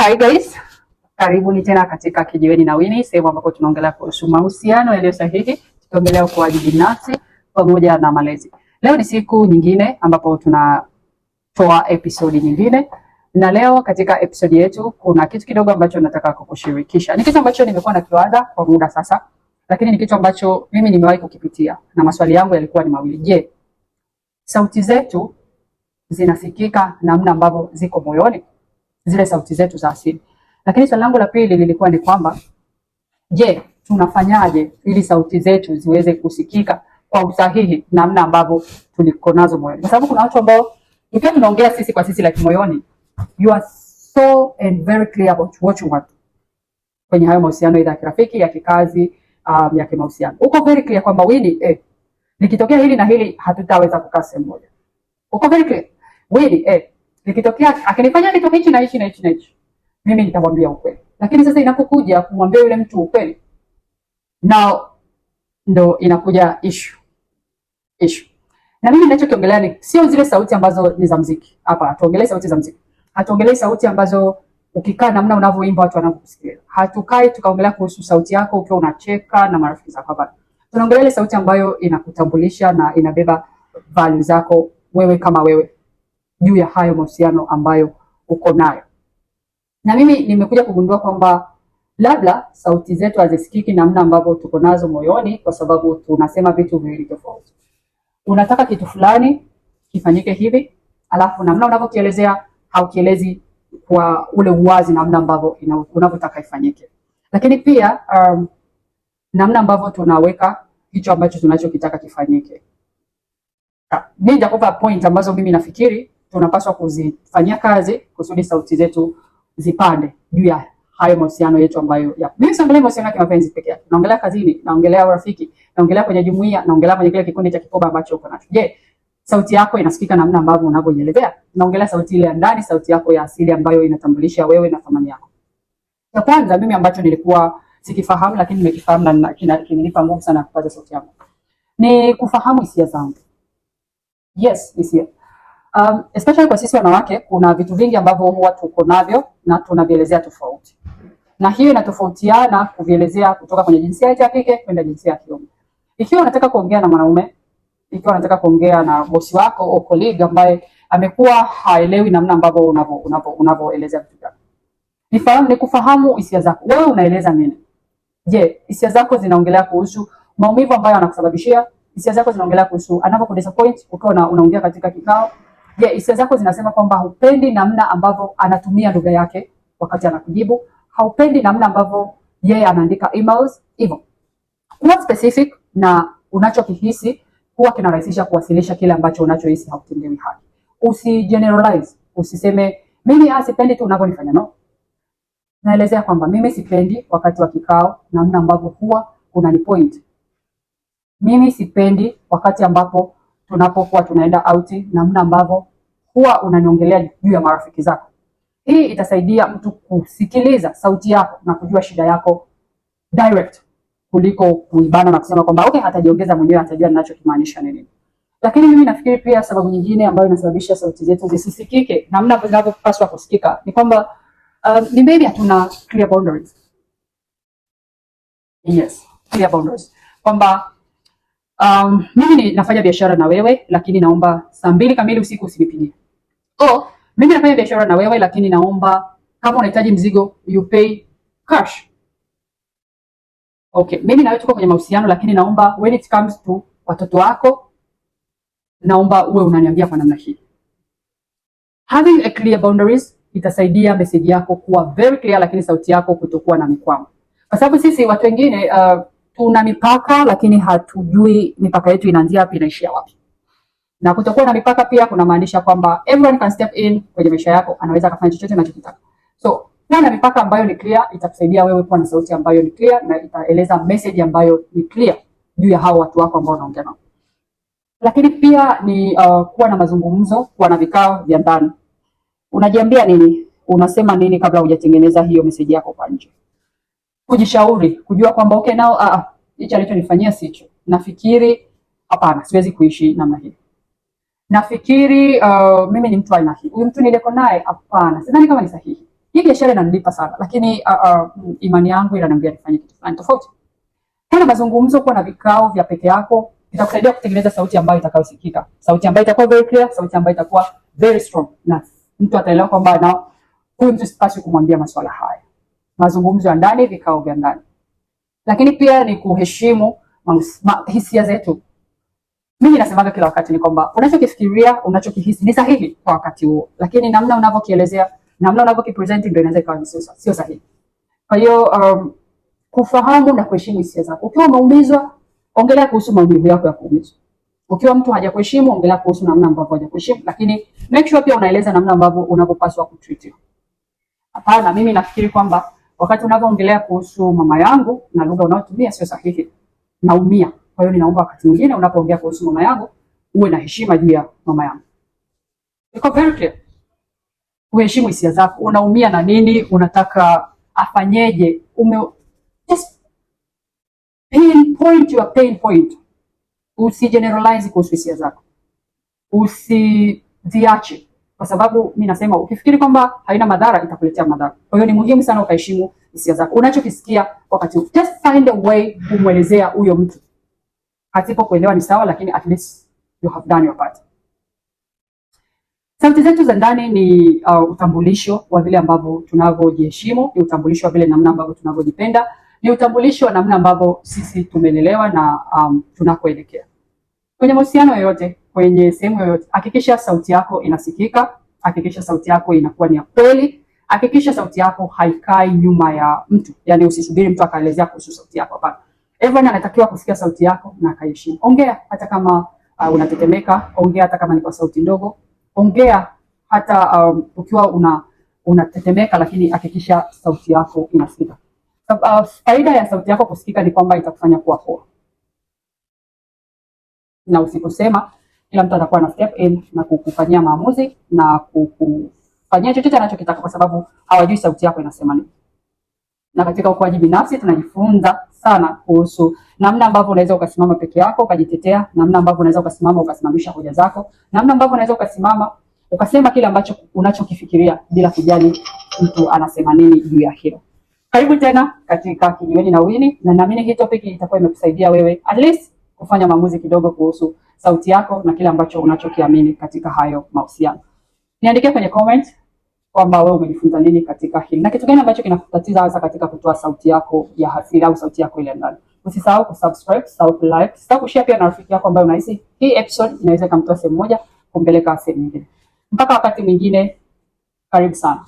Hi guys, karibuni tena katika Kijiweni na Winnie, sehemu ambapo tunaongelea kuhusu mahusiano yaliyo sahihi, tukiongelea ukuaji binafsi pamoja na malezi. Leo ni siku nyingine ambapo tunatoa episodi nyingine, na leo katika episodi yetu kuna kitu kidogo ambacho nataka kukushirikisha. Ni kitu ambacho nimekuwa nakiwaza kwa muda sasa, lakini ni kitu ambacho mimi nimewahi kukipitia na maswali yangu yalikuwa ni mawili. Je, sauti zetu zinasikika namna ambavyo ziko moyoni? zile sauti zetu za asili. Lakini swali langu la pili lilikuwa ni kwamba je, tunafanyaje ili sauti zetu ziweze kusikika kwa usahihi namna ambavyo tuliko nazo moyoni, kwa sababu kuna watu ambao ukiwa tunaongea sisi kwa sisi like moyoni, you are so and very clear about what you want kwenye hayo mahusiano, ya kirafiki, ya kikazi, um, ya kimahusiano, uko very clear kwamba wili eh, nikitokea hili na hili hatutaweza kukaa sehemu moja. Uko very clear wili eh Nikitokea akinifanya kitu hichi na hichi na hichi na hichi, mimi nitamwambia ukweli. Lakini sasa inapokuja kumwambia yule mtu ukweli, na ndo inakuja issue issue. Na mimi ninachokiongelea ni sio zile sauti ambazo ni za muziki. Hapa tuongelee sauti za muziki, hatuongelee sauti ambazo ukikaa namna unavyoimba watu wanakusikia. Hatukai tukaongelea kuhusu sauti yako ukiwa unacheka na marafiki zako, hapana. Tunaongelea ile sauti ambayo inakutambulisha na inabeba value zako wewe kama wewe juu ya hayo mahusiano ambayo uko nayo. Na mimi nimekuja kugundua kwamba labda sauti zetu hazisikiki namna ambavyo tuko nazo moyoni, kwa sababu tunasema vitu viwili tofauti. Unataka kitu fulani kifanyike hivi, alafu namna unavyokielezea haukielezi kwa ule uwazi, namna ambavyo unavyotaka ifanyike. Lakini pia um, namna ambavyo tunaweka hicho ambacho tunachokitaka kifanyike. Ah, mimi Nitakupa point ambazo mimi nafikiri tunapaswa kuzifanyia kazi kusudi sauti zetu zipande juu ya hayo mahusiano yetu ambayo ya mimi siongelea mahusiano ya kimapenzi peke yake, naongelea kazini, naongelea urafiki, naongelea kwenye jumuiya, naongelea kwenye kile kikundi cha kikoba ambacho uko nacho. Je, sauti yako inasikika namna ambavyo unavyojielezea? Naongelea sauti ile ya ndani, sauti yako ya asili ambayo inatambulisha wewe na thamani yako. Ya kwanza mimi ambacho nilikuwa sikifahamu, lakini nimekifahamu na kinanipa nguvu sana kupaza sauti yangu, ni kufahamu hisia zangu. Yes, hisia Um, especially kwa sisi wanawake kuna vitu vingi ambavyo huwa tuko navyo na tunavielezea tofauti, na hiyo inatofautiana kuvielezea kutoka kwenye jinsia ya kike kwenda jinsia ya kiume. Ikiwa unataka kuongea na mwanaume, ikiwa unataka kuongea na bosi wako au colleague ambaye amekuwa haelewi namna ambavyo unavyo unavyo unavyoelezea vitu vyako, nifahamu, kufahamu hisia zako, wewe unaeleza nini? Je, hisia zako zinaongelea kuhusu maumivu ambayo anakusababishia? Hisia zako zinaongelea kuhusu anapokudisappoint ukiwa unaongea katika kikao Je, hisia zako zinasema kwamba hupendi namna ambavyo anatumia lugha yake wakati anakujibu, haupendi namna ambavyo yeye anaandika emails hivyo. Kuwa specific na unachokihisi huwa kinarahisisha kuwasilisha kile ambacho unachohisi hautendewi haki. generalize, usiseme mimi ah, sipendi tu unavyonifanya no. Naelezea kwamba mimi sipendi wakati wa kikao namna ambavyo huwa unanipoint. Mimi sipendi wakati ambapo tunapokuwa tunaenda auti, namna ambavyo huwa unaniongelea juu ya marafiki zako. Hii itasaidia mtu kusikiliza sauti yako na kujua shida yako direct kuliko kuibana na kusema kwamba okay, hatajiongeza mwenyewe, atajua ninachokimaanisha nini. Lakini mimi nafikiri pia sababu nyingine ambayo inasababisha sauti zetu zisisikike namna zinavyopaswa kusikika ni kwamba um, ni maybe hatuna clear boundaries. Yes, clear boundaries kwamba Um, mimi ni nafanya biashara na wewe lakini naomba saa mbili kamili usiku usinipigie. Oh, mimi nafanya biashara na wewe lakini naomba kama unahitaji mzigo you pay cash. Okay, mimi na wewe tuko kwenye mahusiano lakini naomba when it comes to watoto wako naomba uwe unaniambia kwa namna hii. Having a clear boundaries itasaidia message yako kuwa very clear, lakini sauti yako kutokuwa na mikwamo, kwa sababu sisi watu wengine uh, tuna mipaka lakini hatujui mipaka yetu inaanzia wapi inaishia wapi. Na kutokuwa na mipaka pia kuna maanisha kwamba everyone can step in kwenye maisha yako, anaweza kufanya chochote anachotaka. So kuwa na mipaka ambayo ni clear itakusaidia wewe kuwa na sauti ambayo ni clear na itaeleza message ambayo ni clear juu ya hao watu wako ambao unaongea nao. Lakini pia ni uh, kuwa na mazungumzo, kuwa na vikao vya ndani. Unajiambia nini? Unasema nini kabla hujatengeneza hiyo message yako kwa nje? kujishauri, kujua kwamba okay, nao ah, ah hicho alichonifanyia sicho. Nafikiri hapana, siwezi kuishi namna hii. Nafikiri uh, mimi ni mtu aina hii. Huyu mtu nileko naye hapana, sidhani kama ni sahihi. Hii biashara inanilipa sana, lakini uh, uh, imani yangu inaniambia nifanye kitu fulani tofauti. Kana mazungumzo, kuwa na vikao vya peke yako itakusaidia kutengeneza sauti ambayo itakayosikika, sauti ambayo itakuwa very clear, sauti ambayo itakuwa very strong, na mtu ataelewa kwamba na huyu mtu sipaswi kumwambia masuala haya mazungumzo ya ndani, vikao vya ndani, lakini pia ni kuheshimu hisia zetu. Mimi nasemaga kila wakati ni kwamba unachokifikiria, unachokihisi ni sahihi kwa wakati huo, lakini namna unavyokielezea, namna unavyokipresent ndio inaweza ikawa sio sahihi. Kwa hiyo um, kufahamu na kuheshimu hisia zako. Ukiwa umeumizwa, ongelea kuhusu maumivu yako ya kuumizwa. Ukiwa mtu hajakuheshimu, ongelea kuhusu namna ambavyo hajakuheshimu, lakini make sure pia unaeleza namna ambavyo unavyopaswa kutreatiwa. Hapana, mimi nafikiri kwamba Wakati unavyoongelea kuhusu mama yangu na lugha unayotumia sio sahihi, naumia. Kwa hiyo ninaomba wakati mwingine unapoongea kuhusu mama yangu uwe na heshima juu ya mama yangu. Iko very clear. Uheshimu hisia zako, unaumia na nini, unataka afanyeje, ume just pain point your pain point. generalize kuhusu hisia zako, usiziache kwa sababu mimi nasema ukifikiri kwamba haina madhara itakuletea madhara. Kwa hiyo ni muhimu sana ukaheshimu hisia zako, unachokisikia wakati just find a way kumwelezea huyo mtu. Hatipo kuelewa ni sawa, lakini at least you have done your part. Sauti zetu za ndani ni uh, utambulisho wa vile ambavyo tunavyojiheshimu, ni utambulisho wa vile namna ambavyo tunavyojipenda, ni utambulisho wa namna ambavyo sisi tumelelewa na um, tunakoelekea kwenye mahusiano yoyote kwenye sehemu yoyote. Hakikisha sauti yako inasikika, hakikisha sauti yako inakuwa ni ya kweli, hakikisha sauti yako haikai nyuma ya mtu, yani usisubiri mtu akaelezea kuhusu sauti yako. Hapana, everyone anatakiwa kusikia sauti yako na akaiheshimu. Ongea hata kama uh, unatetemeka, ongea hata kama ni kwa sauti ndogo, ongea hata um, ukiwa una unatetemeka, lakini hakikisha sauti yako inasikika. Uh, faida uh, ya sauti yako kusikika ni kwamba itakufanya kuwa poa na usiposema kila mtu atakuwa na step in na kukufanyia maamuzi na kukufanyia chochote anachokitaka, kwa sababu hawajui sauti yako inasema nini. Na katika ukuaji binafsi tunajifunza sana kuhusu namna ambavyo unaweza ukasimama peke yako ukajitetea, namna ambavyo unaweza ukasimama ukasimamisha hoja zako, namna ambavyo unaweza ukasimama ukasema kile ambacho unachokifikiria bila kujali mtu anasema nini juu ya hilo. Karibu tena katika Kijiweni na Wini, na naamini hii topic itakuwa imekusaidia wewe at least kufanya maamuzi kidogo kuhusu sauti yako na kile ambacho unachokiamini katika hayo mahusiano. Niandikie kwenye comment kwamba wewe umejifunza nini katika hili na kitu gani ambacho kinakutatiza hasa katika kutoa sauti yako ya hasira au sauti yako ile ndani. Usisahau kusubscribe, usisahau kulike, usisahau kushare pia na rafiki yako ambaye unahisi hii episode inaweza kumtoa sehemu moja kumpeleka sehemu nyingine. Mpaka wakati mwingine, karibu sana.